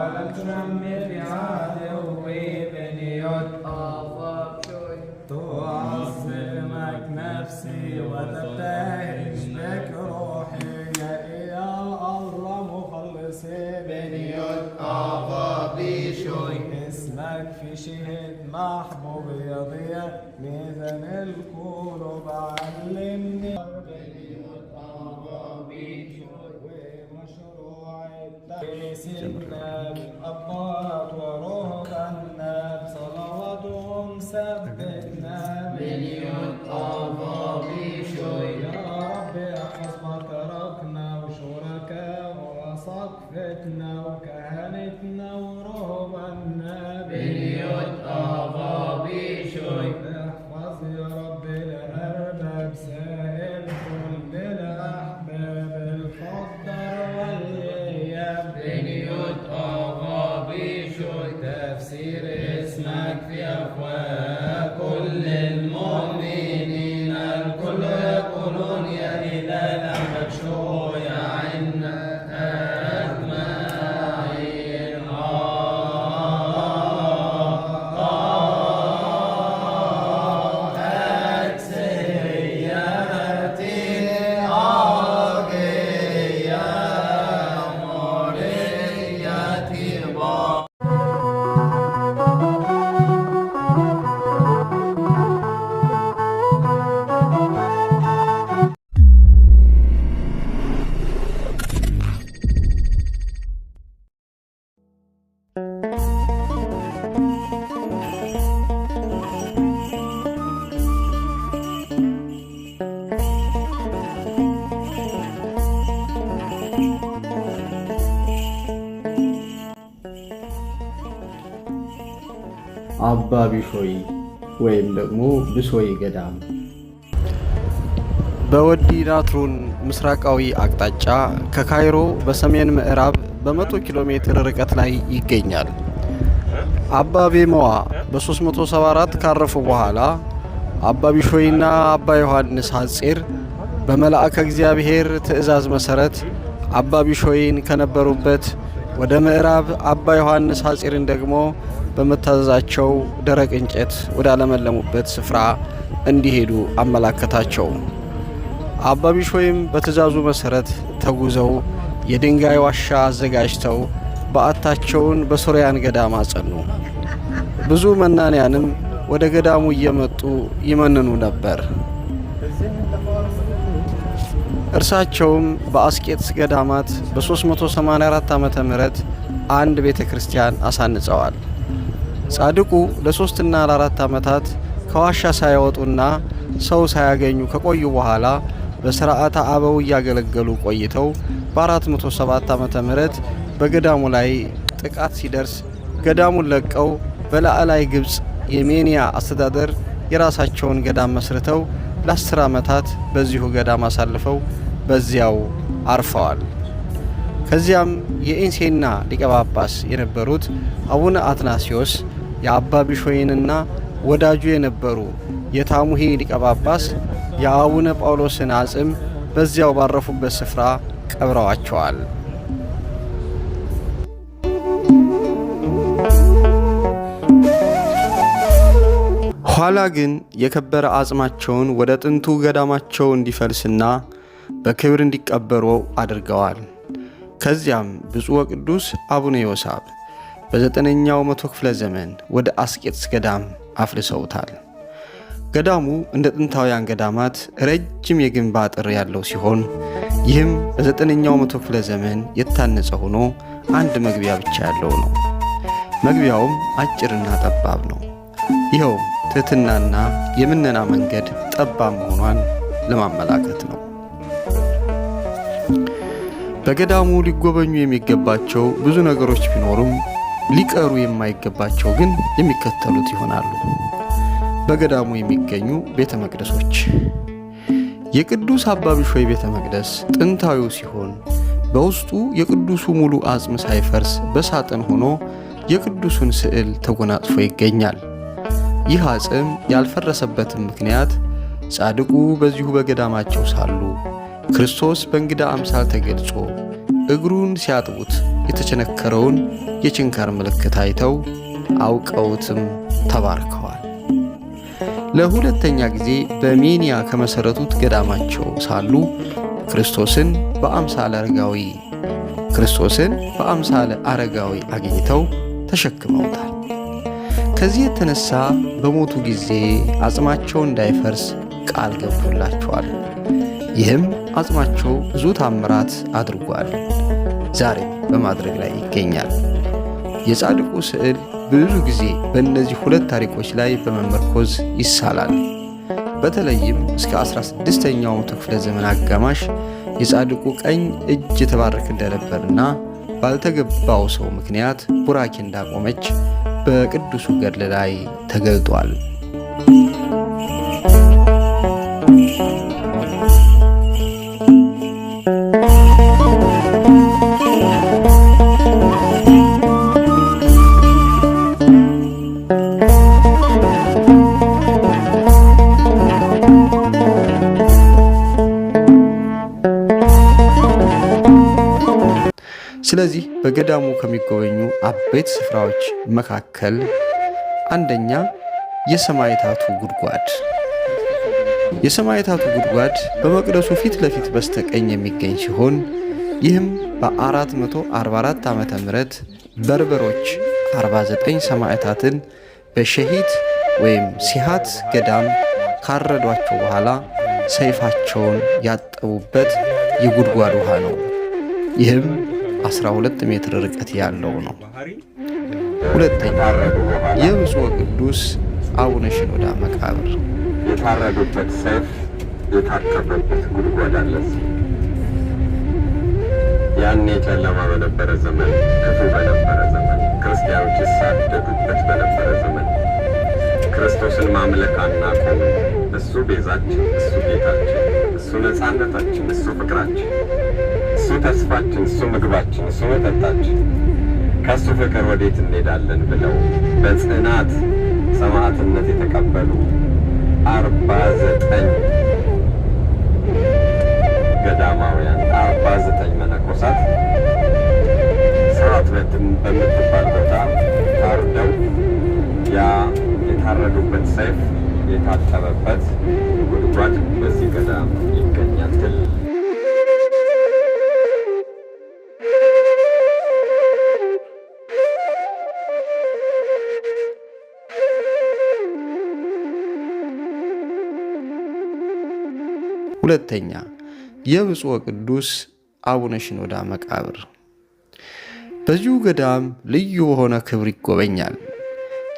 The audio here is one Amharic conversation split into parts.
ولم تنمر بعدو بن يطاف تعصمك نفسي وتبتهج بك روحي يا الله مخلص بن يطاف بشوي اسمك في شهد محبوب يضيع ميزان القلوب سلمنا أبطال ورهبا صلواتهم سبح አባ ቢሾይ ወይም ደግሞ ብሶይ ገዳም በወዲ ናትሩን ምስራቃዊ አቅጣጫ ከካይሮ በሰሜን ምዕራብ በ100 ኪሎ ሜትር ርቀት ላይ ይገኛል። አባ ቤመዋ በ374 ካረፉ በኋላ አባ ቢሾይና አባ ዮሐንስ ሐጼር በመልአከ እግዚአብሔር ትእዛዝ መሠረት አባ ቢሾይን ከነበሩበት ወደ ምዕራብ አባ ዮሐንስ ሐጼርን ደግሞ በመታዘዛቸው ደረቅ እንጨት ወዳለመለሙበት ስፍራ እንዲሄዱ አመላከታቸው። አባ ቢሾይም በትእዛዙ መሠረት ተጉዘው የድንጋይ ዋሻ አዘጋጅተው በዓታቸውን በሶርያን ገዳም አጸኑ። ብዙ መናንያንም ወደ ገዳሙ እየመጡ ይመንኑ ነበር። እርሳቸውም በአስቄጥስ ገዳማት በ384 ዓ ም አንድ ቤተ ክርስቲያን አሳንጸዋል። ጻድቁ ለሶስትና ለአራት ዓመታት ከዋሻ ሳይወጡና ሰው ሳያገኙ ከቆዩ በኋላ በሥርዓተ አበው እያገለገሉ ቆይተው በ407 ዓመተ ምህረት በገዳሙ ላይ ጥቃት ሲደርስ ገዳሙን ለቀው በላዕላይ ግብፅ የሜንያ አስተዳደር የራሳቸውን ገዳም መስርተው ለአስር ዓመታት በዚሁ ገዳም አሳልፈው በዚያው አርፈዋል። ከዚያም የኢንሴና ሊቀ ጳጳስ የነበሩት አቡነ አትናሲዮስ የአባ ቢሾይንና ወዳጁ የነበሩ የታሙሄ ሊቀ ጳጳስ የአቡነ ጳውሎስን አጽም በዚያው ባረፉበት ስፍራ ቀብረዋቸዋል። ኋላ ግን የከበረ አጽማቸውን ወደ ጥንቱ ገዳማቸው እንዲፈልስና በክብር እንዲቀበሩ አድርገዋል። ከዚያም ብፁዕ ወቅዱስ አቡነ ዮሳብ በዘጠነኛው መቶ ክፍለ ዘመን ወደ አስቄጥስ ገዳም አፍልሰውታል። ገዳሙ እንደ ጥንታውያን ገዳማት ረጅም የግንብ አጥር ያለው ሲሆን ይህም በዘጠነኛው መቶ ክፍለ ዘመን የታነጸ ሆኖ አንድ መግቢያ ብቻ ያለው ነው። መግቢያውም አጭርና ጠባብ ነው። ይኸውም ትሕትናና የምነና መንገድ ጠባብ መሆኗን ለማመላከት ነው። በገዳሙ ሊጎበኙ የሚገባቸው ብዙ ነገሮች ቢኖሩም ሊቀሩ የማይገባቸው ግን የሚከተሉት ይሆናሉ። በገዳሙ የሚገኙ ቤተ መቅደሶች የቅዱስ አባ ቤተ መቅደስ ጥንታዊው ሲሆን በውስጡ የቅዱሱ ሙሉ አጽም ሳይፈርስ በሳጥን ሆኖ የቅዱሱን ስዕል ተጎናጽፎ ይገኛል። ይህ አጽም ያልፈረሰበትም ምክንያት ጻድቁ በዚሁ በገዳማቸው ሳሉ ክርስቶስ በእንግዳ አምሳል ተገልጾ እግሩን ሲያጥቡት የተቸነከረውን የችንካር ምልክት አይተው አውቀውትም ተባርከዋል። ለሁለተኛ ጊዜ በሜንያ ከመሠረቱት ገዳማቸው ሳሉ ክርስቶስን በአምሳለ አረጋዊ ክርስቶስን በአምሳለ አረጋዊ አግኝተው ተሸክመውታል። ከዚህ የተነሳ በሞቱ ጊዜ አጽማቸው እንዳይፈርስ ቃል ገብቶላቸዋል። ይህም አጽማቸው ብዙ ታምራት አድርጓል። ዛሬ በማድረግ ላይ ይገኛል። የጻድቁ ስዕል ብዙ ጊዜ በእነዚህ ሁለት ታሪኮች ላይ በመመርኮዝ ይሳላል። በተለይም እስከ 16ኛው መቶ ክፍለ ዘመን አጋማሽ የጻድቁ ቀኝ እጅ የተባረክ እንደነበርና ባልተገባው ሰው ምክንያት ቡራኬ እንዳቆመች በቅዱሱ ገድል ላይ ተገልጧል። ስለዚህ በገዳሙ ከሚጎበኙ አበይት ስፍራዎች መካከል አንደኛ የሰማዕታቱ ጉድጓድ። የሰማዕታቱ ጉድጓድ በመቅደሱ ፊት ለፊት በስተቀኝ የሚገኝ ሲሆን ይህም በ444 ዓ ም በርበሮች 49 ሰማዕታትን በሸሂት ወይም ሲሃት ገዳም ካረዷቸው በኋላ ሰይፋቸውን ያጠቡበት የጉድጓድ ውሃ ነው። ይህም 12 ሜትር ርቀት ያለው ነው። ሁለተኛ የብፁዕ ቅዱስ አቡነ ሽኖዳ መቃብር የታረዱበት ሰይፍ የታከበበት ጉድጓድ አለ። ያኔ ጨለማ በነበረ ዘመን፣ ክፉ በነበረ ዘመን፣ ክርስቲያኖች ይሳደዱበት በነበረ ዘመን ክርስቶስን ማምለክ አናቆም። እሱ ቤዛችን፣ እሱ ጌታችን፣ እሱ ነፃነታችን፣ እሱ ፍቅራችን እሱ ተስፋችን፣ እሱ ምግባችን፣ እሱ መጠጣችን፣ ከእሱ ፍቅር ወዴት እንሄዳለን ብለው በጽናት ሰማዕትነት የተቀበሉ አርባ ዘጠኝ ገዳማውያን አርባ ዘጠኝ መነኮሳት ሰዓት በምትባል ቦታ ታርደው ያ የታረዱበት ሰይፍ የታጠበበት ጉድጓድ በዚህ ገዳም ይገኛል። ሁለተኛ የብፁዕ ቅዱስ አቡነ ሽኖዳ መቃብር በዚሁ ገዳም ልዩ በሆነ ክብር ይጎበኛል።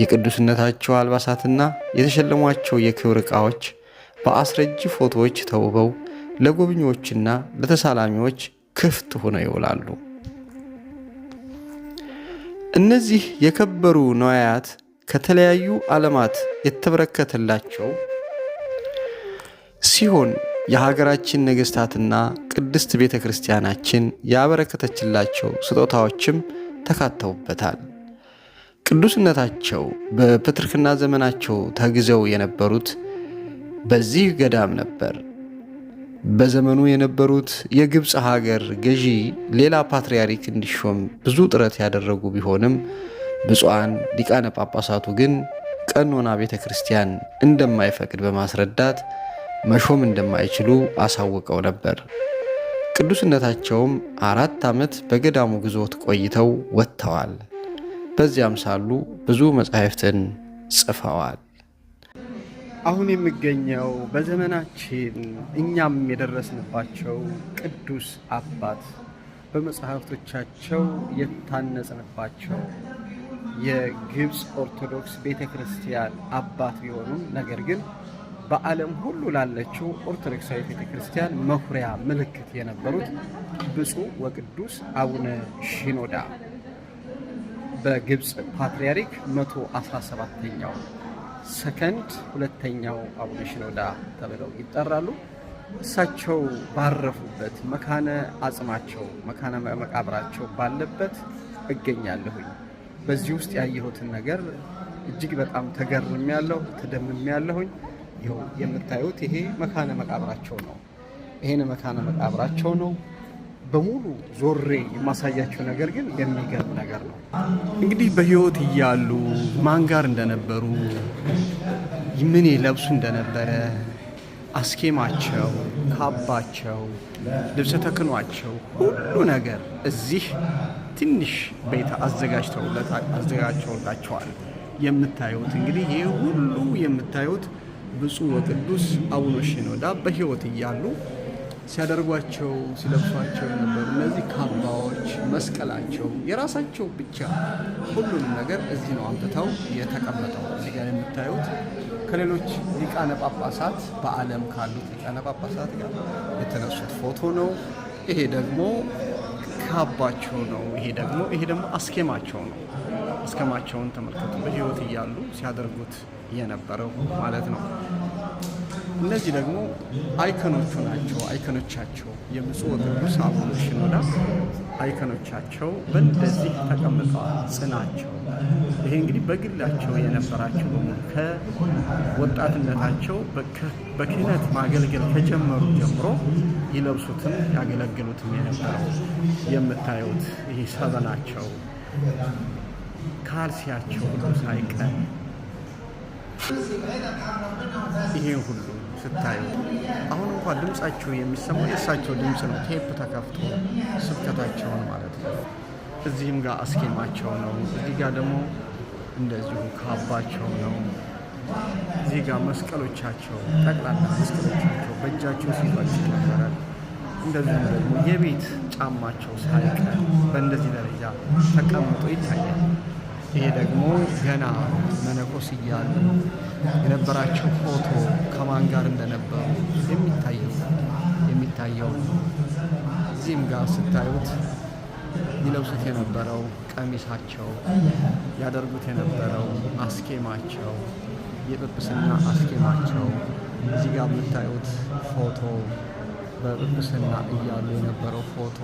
የቅዱስነታቸው አልባሳትና የተሸለሟቸው የክብር ዕቃዎች በአስረጂ ፎቶዎች ተውበው ለጎብኚዎችና ለተሳላሚዎች ክፍት ሆነው ይውላሉ። እነዚህ የከበሩ ነዋያት ከተለያዩ ዓለማት የተበረከተላቸው ሲሆን የሀገራችን ነገሥታትና ቅድስት ቤተ ክርስቲያናችን ያበረከተችላቸው ስጦታዎችም ተካተውበታል። ቅዱስነታቸው በፕትርክና ዘመናቸው ተግዘው የነበሩት በዚህ ገዳም ነበር። በዘመኑ የነበሩት የግብፅ ሀገር ገዢ ሌላ ፓትርያርክ እንዲሾም ብዙ ጥረት ያደረጉ ቢሆንም ብፁዓን ሊቃነ ጳጳሳቱ ግን ቀኖና ቤተ ክርስቲያን እንደማይፈቅድ በማስረዳት መሾም እንደማይችሉ አሳውቀው ነበር። ቅዱስነታቸውም አራት ዓመት በገዳሙ ግዞት ቆይተው ወጥተዋል። በዚያም ሳሉ ብዙ መጻሕፍትን ጽፈዋል። አሁን የሚገኘው በዘመናችን እኛም የደረስንባቸው ቅዱስ አባት በመጽሐፍቶቻቸው የታነጽንባቸው የግብፅ ኦርቶዶክስ ቤተ ክርስቲያን አባት ቢሆኑም ነገር ግን በዓለም ሁሉ ላለችው ኦርቶዶክሳዊ ቤተክርስቲያን መኩሪያ ምልክት የነበሩት ብፁዕ ወቅዱስ አቡነ ሺኖዳ በግብፅ ፓትርያርክ 117ኛው ሰከንድ ሁለተኛው አቡነ ሺኖዳ ተብለው ይጠራሉ። እሳቸው ባረፉበት መካነ አጽማቸው መካነ መቃብራቸው ባለበት እገኛለሁኝ። በዚህ ውስጥ ያየሁትን ነገር እጅግ በጣም ተገርም ያለሁ ተደምም ያለሁኝ። የምታዩት ይሄ መካነ መቃብራቸው ነው። ይሄን መካነ መቃብራቸው ነው በሙሉ ዞሬ የማሳያቸው ነገር ግን የሚገርም ነገር ነው። እንግዲህ በህይወት እያሉ ማን ጋር እንደነበሩ ምን የለብሱ እንደነበረ አስኬማቸው፣ ካባቸው፣ ልብሰ ተክኗቸው ሁሉ ነገር እዚህ ትንሽ ቤት አዘጋጅተውላቸዋል። የምታዩት እንግዲህ ይህ ሁሉ የምታዩት ብፁዕ ወቅዱስ አቡነ ሽኖዳ በሕይወት እያሉ ሲያደርጓቸው ሲለብሷቸው የነበሩ እነዚህ ካባዎች፣ መስቀላቸው የራሳቸው ብቻ ሁሉንም ነገር እዚህ ነው አምጥተው የተቀመጠው። እዚህ ጋር የምታዩት ከሌሎች ሊቃነ ጳጳሳት በዓለም ካሉት ሊቃነ ጳጳሳት ጋር የተነሱት ፎቶ ነው። ይሄ ደግሞ ካባቸው ነው። ይሄ ደግሞ ይሄ ደግሞ አስኬማቸው ነው። አስኬማቸውን ተመልከቱ። በሕይወት እያሉ ሲያደርጉት የነበረው ማለት ነው። እነዚህ ደግሞ አይከኖቹ ናቸው። አይከኖቻቸው የብፁዕ ወቅዱስ አቡነ ሽኖዳ አይከኖቻቸው በእንደዚህ ተቀምጠዋል። ጽናቸው ይሄ እንግዲህ በግላቸው የነበራቸው በሙሉ ከወጣትነታቸው በክህነት ማገልገል ከጀመሩ ጀምሮ ይለብሱትም ያገለግሉትም የነበረው የምታዩት ይሄ ሰበናቸው ካልሲያቸው ሁሉ ሳይቀር ይሄ ሁሉ ስታዩ አሁን እንኳን ድምጻቸው የሚሰማው የእሳቸው ድምፅ ነው። ቴፕ ተከፍቶ ስብከታቸውን ማለት ነው። እዚህም ጋር አስኬማቸው ነው። እዚህ ጋር ደግሞ እንደዚሁ ካባቸው ነው። እዚህ ጋር መስቀሎቻቸው፣ ጠቅላላ መስቀሎቻቸው በእጃቸው ሲዟቸው ነበረ። እንደዚሁም ደግሞ የቤት ጫማቸው ሳይቀር በእንደዚህ ደረጃ ተቀምጦ ይታያል። ይሄ ደግሞ ገና መነኮስ እያሉ የነበራቸው ፎቶ ከማን ጋር እንደነበሩ የሚታየው የሚታየው እዚህም ጋር ስታዩት ይለብሱት የነበረው ቀሚሳቸው፣ ያደርጉት የነበረው አስኬማቸው፣ የጵጵስና አስኬማቸው እዚህ ጋር የምታዩት ፎቶ በጵጵስና እያሉ የነበረው ፎቶ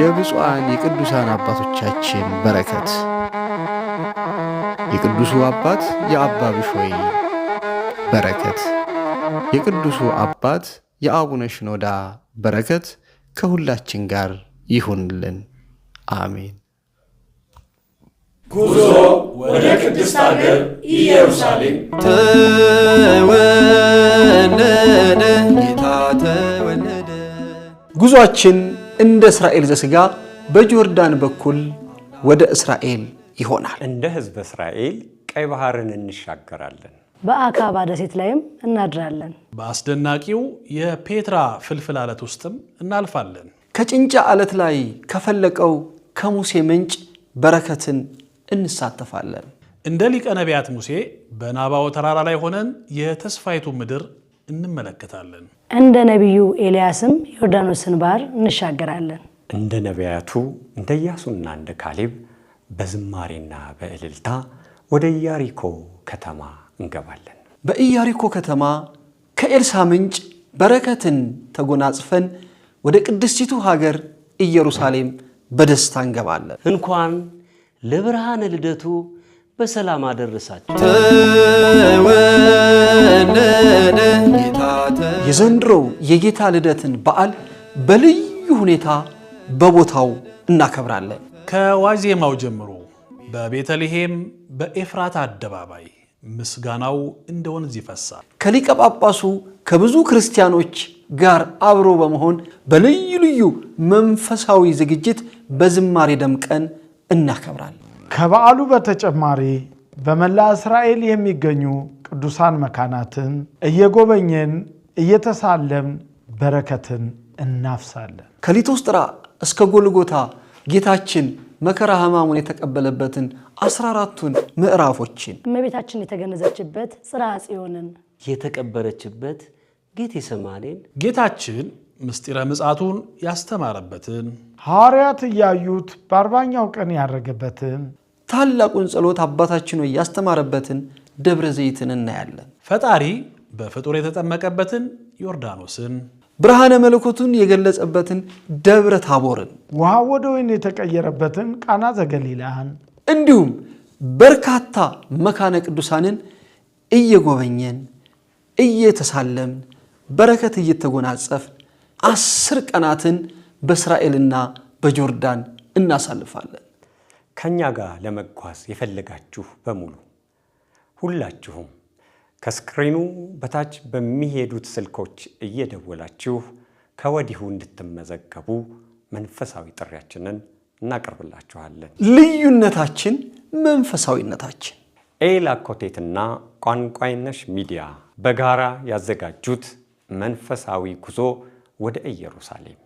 የብፁዓን የቅዱሳን አባቶቻችን በረከት የቅዱሱ አባት የአባ ብሾይ በረከት የቅዱሱ አባት የአቡነ ሽኖዳ በረከት ከሁላችን ጋር ይሁንልን። አሜን። ጉዞ ወደ ቅድስት ሀገር ኢየሩሳሌም ተወለደ ጌታ ተወለደ። ጉዟችን እንደ እስራኤል ዘስጋ በጆርዳን በኩል ወደ እስራኤል ይሆናል። እንደ ህዝብ እስራኤል ቀይ ባህርን እንሻገራለን። በአካባ ደሴት ላይም እናድራለን። በአስደናቂው የፔትራ ፍልፍል አለት ውስጥም እናልፋለን። ከጭንጫ አለት ላይ ከፈለቀው ከሙሴ ምንጭ በረከትን እንሳተፋለን። እንደ ሊቀ ነቢያት ሙሴ በናባው ተራራ ላይ ሆነን የተስፋይቱ ምድር እንመለከታለን። እንደ ነቢዩ ኤልያስም ዮርዳኖስን ባህር እንሻገራለን። እንደ ነቢያቱ እንደ ኢያሱና እንደ ካሌብ በዝማሬና በእልልታ ወደ ኢያሪኮ ከተማ እንገባለን። በኢያሪኮ ከተማ ከኤልሳ ምንጭ በረከትን ተጎናጽፈን ወደ ቅድስቲቱ ሀገር ኢየሩሳሌም በደስታ እንገባለን። እንኳን ለብርሃነ ልደቱ በሰላም አደረሳቸው። የዘንድሮው የጌታ ልደትን በዓል በልዩ ሁኔታ በቦታው እናከብራለን። ከዋዜማው ጀምሮ በቤተልሔም በኤፍራት አደባባይ ምስጋናው እንደ ወንዝ ይፈሳል። ከሊቀ ጳጳሱ ከብዙ ክርስቲያኖች ጋር አብሮ በመሆን በልዩ ልዩ መንፈሳዊ ዝግጅት በዝማሬ ደምቀን እናከብራለን። ከበዓሉ በተጨማሪ በመላ እስራኤል የሚገኙ ቅዱሳን መካናትን እየጎበኘን እየተሳለም በረከትን እናፍሳለን። ከሊቶስጥራ እስከ ጎልጎታ ጌታችን መከራ ሕማሙን የተቀበለበትን አስራ አራቱን ምዕራፎችን እመቤታችን የተገነዘችበት ጽርሐ ጽዮንን የተቀበረችበት ጌቴሰማኔን ጌታችን ምስጢረ ምጽአቱን ያስተማረበትን ሐዋርያት እያዩት በአርባኛው ቀን ያረገበትን ታላቁን ጸሎት አባታችን ሆይ ያስተማረበትን ደብረ ዘይትን እናያለን። ፈጣሪ በፍጡር የተጠመቀበትን ዮርዳኖስን፣ ብርሃነ መለኮቱን የገለጸበትን ደብረ ታቦርን፣ ውሃ ወደ ወይን የተቀየረበትን ቃና ዘገሊላህን፣ እንዲሁም በርካታ መካነ ቅዱሳንን እየጎበኘን እየተሳለምን በረከት እየተጎናጸፍን አስር ቀናትን በእስራኤልና በጆርዳን እናሳልፋለን። ከእኛ ጋር ለመጓዝ የፈለጋችሁ በሙሉ ሁላችሁም ከስክሪኑ በታች በሚሄዱት ስልኮች እየደወላችሁ ከወዲሁ እንድትመዘገቡ መንፈሳዊ ጥሪያችንን እናቀርብላችኋለን። ልዩነታችን መንፈሳዊነታችን። ኤላ ኮቴትና ቋንቋይነሽ ሚዲያ በጋራ ያዘጋጁት መንፈሳዊ ጉዞ ወደ ኢየሩሳሌም